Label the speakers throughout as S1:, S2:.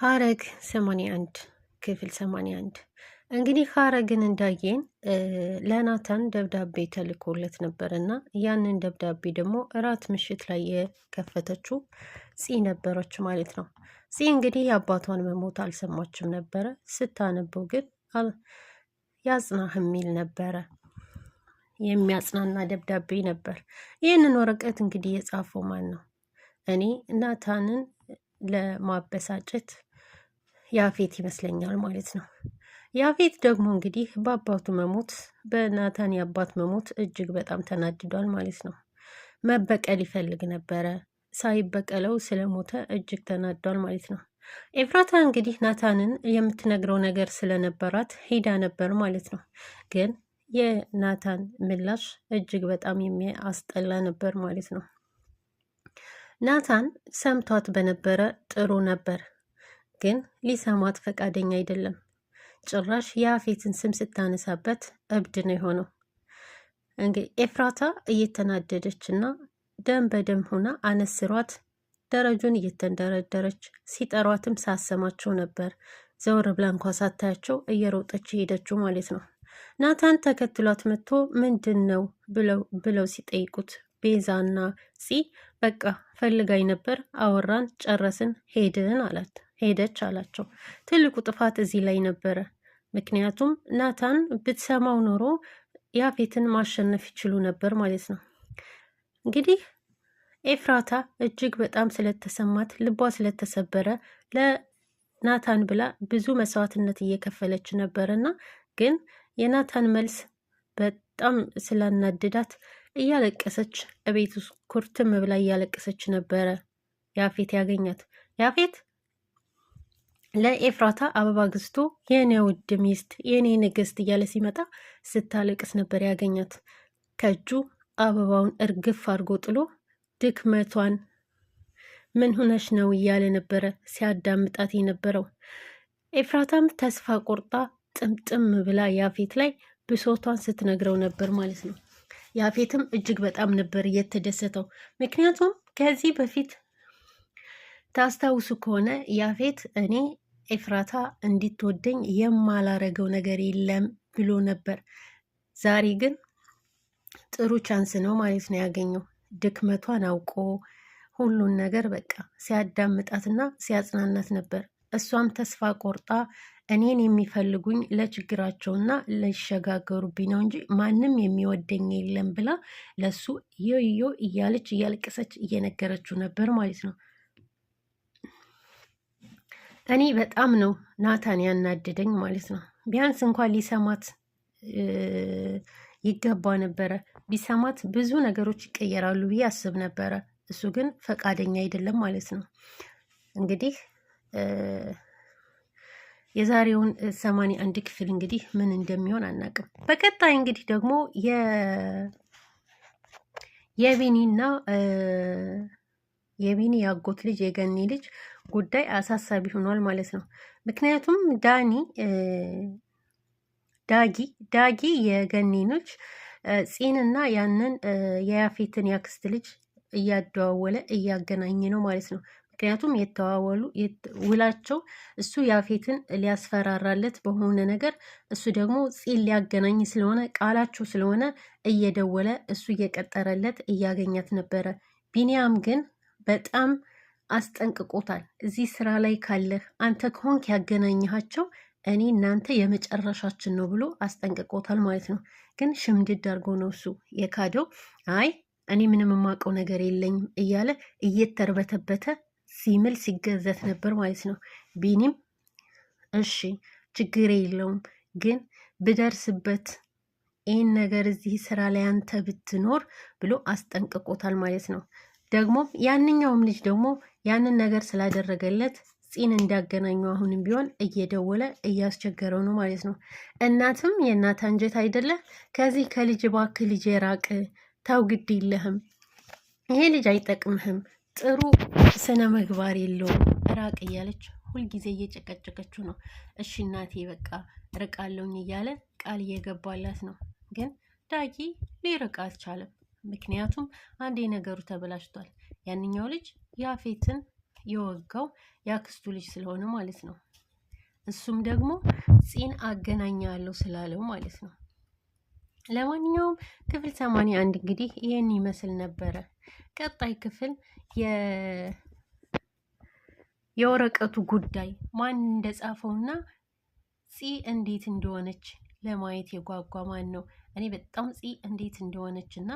S1: ሀረግ 81 ክፍል 81 እንግዲህ ሀረግን እንዳየን ለናታን ደብዳቤ ተልኮለት ነበር እና ያንን ደብዳቤ ደግሞ እራት ምሽት ላይ የከፈተችው ፂ ነበረች ማለት ነው። ፂ እንግዲህ የአባቷን መሞት አልሰማችም ነበረ። ስታነበው ግን ያጽናህ የሚል ነበረ የሚያጽናና ደብዳቤ ነበር። ይህንን ወረቀት እንግዲህ የጻፈው ማን ነው? እኔ ናታንን ለማበሳጨት ያፌት ይመስለኛል ማለት ነው። ያፌት ደግሞ እንግዲህ በአባቱ መሞት በናታን የአባት መሞት እጅግ በጣም ተናድዷል ማለት ነው። መበቀል ይፈልግ ነበረ፣ ሳይበቀለው ስለሞተ እጅግ ተናዷል ማለት ነው። ኤፍራታ እንግዲህ ናታንን የምትነግረው ነገር ስለነበራት ሄዳ ነበር ማለት ነው። ግን የናታን ምላሽ እጅግ በጣም የሚያስጠላ ነበር ማለት ነው። ናታን ሰምቷት በነበረ ጥሩ ነበር ግን ሊሰማት ፈቃደኛ አይደለም። ጭራሽ የአፌትን ስም ስታነሳበት እብድ ነው የሆነው። እንግዲህ ኤፍራታ እየተናደደች እና ደም በደም ሆና አነስሯት ደረጁን እየተንደረደረች ሲጠሯትም ሳሰማቸው ነበር። ዘወር ብላ እንኳ ሳታያቸው እየሮጠች ሄደችው ማለት ነው። ናታን ተከትሏት መጥቶ ምንድን ነው ብለው ሲጠይቁት ቤዛና ፂ በቃ ፈልጋኝ ነበር፣ አወራን፣ ጨረስን፣ ሄድን አላት። ሄደች አላቸው። ትልቁ ጥፋት እዚህ ላይ ነበረ። ምክንያቱም ናታን ብትሰማው ኖሮ ያፌትን ማሸነፍ ይችሉ ነበር ማለት ነው። እንግዲህ ኤፍራታ እጅግ በጣም ስለተሰማት ልቧ ስለተሰበረ ለናታን ብላ ብዙ መስዋዕትነት እየከፈለች ነበር እና ግን የናታን መልስ በጣም ስላናድዳት እያለቀሰች እቤት ውስጥ ኩርትም ብላ እያለቀሰች ነበረ ያፌት ያገኛት ያፌት ለኤፍራታ አበባ ግዝቶ የኔ ውድ ሚስት የኔ ንግስት እያለ ሲመጣ ስታለቅስ ነበር ያገኛት። ከእጁ አበባውን እርግፍ አድርጎ ጥሎ ድክመቷን ምን ሁነሽ ነው እያለ ነበረ ሲያዳምጣት የነበረው። ኤፍራታም ተስፋ ቆርጣ ጥምጥም ብላ ያፌት ላይ ብሶቷን ስትነግረው ነበር ማለት ነው። ያፌትም እጅግ በጣም ነበር የተደሰተው። ምክንያቱም ከዚህ በፊት ታስታውሱ ከሆነ ያፌት እኔ ኤፍራታ እንድትወደኝ የማላረገው ነገር የለም ብሎ ነበር። ዛሬ ግን ጥሩ ቻንስ ነው ማለት ነው ያገኘው። ድክመቷን አውቆ ሁሉን ነገር በቃ ሲያዳምጣትና ሲያጽናናት ነበር። እሷም ተስፋ ቆርጣ እኔን የሚፈልጉኝ ለችግራቸውና ለሸጋገሩብኝ ነው እንጂ ማንም የሚወደኝ የለም ብላ ለሱ ዮዮ እያለች እያለቀሰች እየነገረችው ነበር ማለት ነው። እኔ በጣም ነው ናታን ያናደደኝ ማለት ነው። ቢያንስ እንኳን ሊሰማት ይገባ ነበረ። ቢሰማት ብዙ ነገሮች ይቀየራሉ ብዬ አስብ ነበረ። እሱ ግን ፈቃደኛ አይደለም ማለት ነው። እንግዲህ የዛሬውን ሰማንያ አንድ ክፍል እንግዲህ ምን እንደሚሆን አናቅም። በቀጣይ እንግዲህ ደግሞ የቢኒና የቢኒ ያጎት ልጅ የገኒ ልጅ ጉዳይ አሳሳቢ ሆኗል ማለት ነው። ምክንያቱም ዳኒ ዳጊ ዳጊ የገኒኖች ልጅ ፂንና ያንን የያፌትን ያክስት ልጅ እያደዋወለ እያገናኘ ነው ማለት ነው። ምክንያቱም የተዋወሉ ውላቸው እሱ ያፌትን ሊያስፈራራለት በሆነ ነገር እሱ ደግሞ ጺን ሊያገናኝ ስለሆነ ቃላቸው ስለሆነ እየደወለ እሱ እየቀጠረለት እያገኛት ነበረ። ቢኒያም ግን በጣም አስጠንቅቆታል። እዚህ ስራ ላይ ካለህ አንተ ከሆንክ ያገናኘሃቸው እኔ እናንተ የመጨረሻችን ነው ብሎ አስጠንቅቆታል ማለት ነው። ግን ሽምድድ አድርጎ ነው እሱ የካደው። አይ እኔ ምንም የማውቀው ነገር የለኝም እያለ እየተርበተበተ ሲምል ሲገዘት ነበር ማለት ነው። ቢኒም እሺ ችግር የለውም ግን ብደርስበት ይህን ነገር እዚህ ስራ ላይ አንተ ብትኖር ብሎ አስጠንቅቆታል ማለት ነው። ደግሞም ያንኛውም ልጅ ደግሞ ያንን ነገር ስላደረገለት ፂን እንዳገናኙ አሁንም ቢሆን እየደወለ እያስቸገረው ነው ማለት ነው። እናትም የእናት አንጀት አይደለ? ከዚህ ከልጅ ባክ ልጅ የራቅ ተው፣ ግድ የለህም ይሄ ልጅ አይጠቅምህም፣ ጥሩ ስነ ምግባር የለውም፣ ራቅ እያለች ሁልጊዜ እየጨቀጨቀችው ነው። እሺ እናቴ በቃ ርቃለውኝ እያለ ቃል እየገባላት ነው። ግን ዳጊ ሊርቅ አልቻለም። ምክንያቱም አንዴ ነገሩ ተበላሽቷል። ያንኛው ልጅ ያፌትን የወጋው ያክስቱ ልጅ ስለሆነ ማለት ነው። እሱም ደግሞ ፂን አገናኛ ያለው ስላለው ማለት ነው። ለማንኛውም ክፍል ሰማንያ አንድ እንግዲህ ይህን ይመስል ነበረ። ቀጣይ ክፍል የወረቀቱ ጉዳይ ማን እንደጻፈውና ፂ እንዴት እንደሆነች ለማየት የጓጓ ማን ነው? እኔ በጣም ፂ እንዴት እንደሆነች እና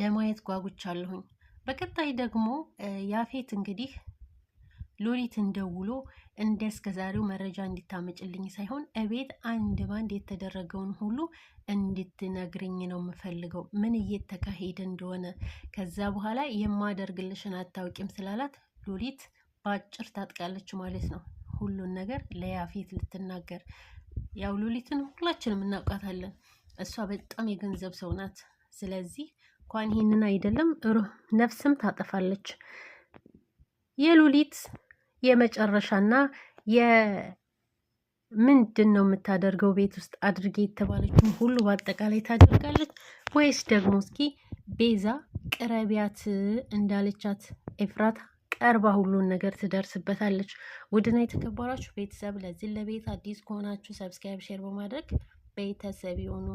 S1: ለማየት ጓጉቻለሁኝ። በቀጣይ ደግሞ ያፌት እንግዲህ ሎሊትን ደውሎ እንደ እስከ ዛሬው መረጃ እንድታመጭልኝ ሳይሆን እቤት አንድ ባንድ የተደረገውን ሁሉ እንድትነግርኝ ነው የምፈልገው፣ ምን እየተካሄደ እንደሆነ። ከዛ በኋላ የማደርግልሽን አታውቂም ስላላት ሎሊት በአጭር ታጥቃለች ማለት ነው። ሁሉን ነገር ለያፌት ልትናገር ያው ሎሊትን ሁላችንም እናውቃታለን። እሷ በጣም የገንዘብ ሰው ናት። ስለዚህ እንኳን ይህንን አይደለም ሩህ ነፍስም ታጠፋለች። የሉሊት የመጨረሻና የምንድን ነው የምታደርገው ቤት ውስጥ አድርጌ የተባለችውን ሁሉ በአጠቃላይ ታደርጋለች ወይስ ደግሞ እስኪ ቤዛ ቅረቢያት እንዳለቻት ኤፍራታ ቀርባ ሁሉን ነገር ትደርስበታለች። ውድና የተከበራችሁ ቤተሰብ ለዚህ ለቤት አዲስ ከሆናችሁ ሰብስክራይብ፣ ሼር በማድረግ ቤተሰብ ይሆኑ።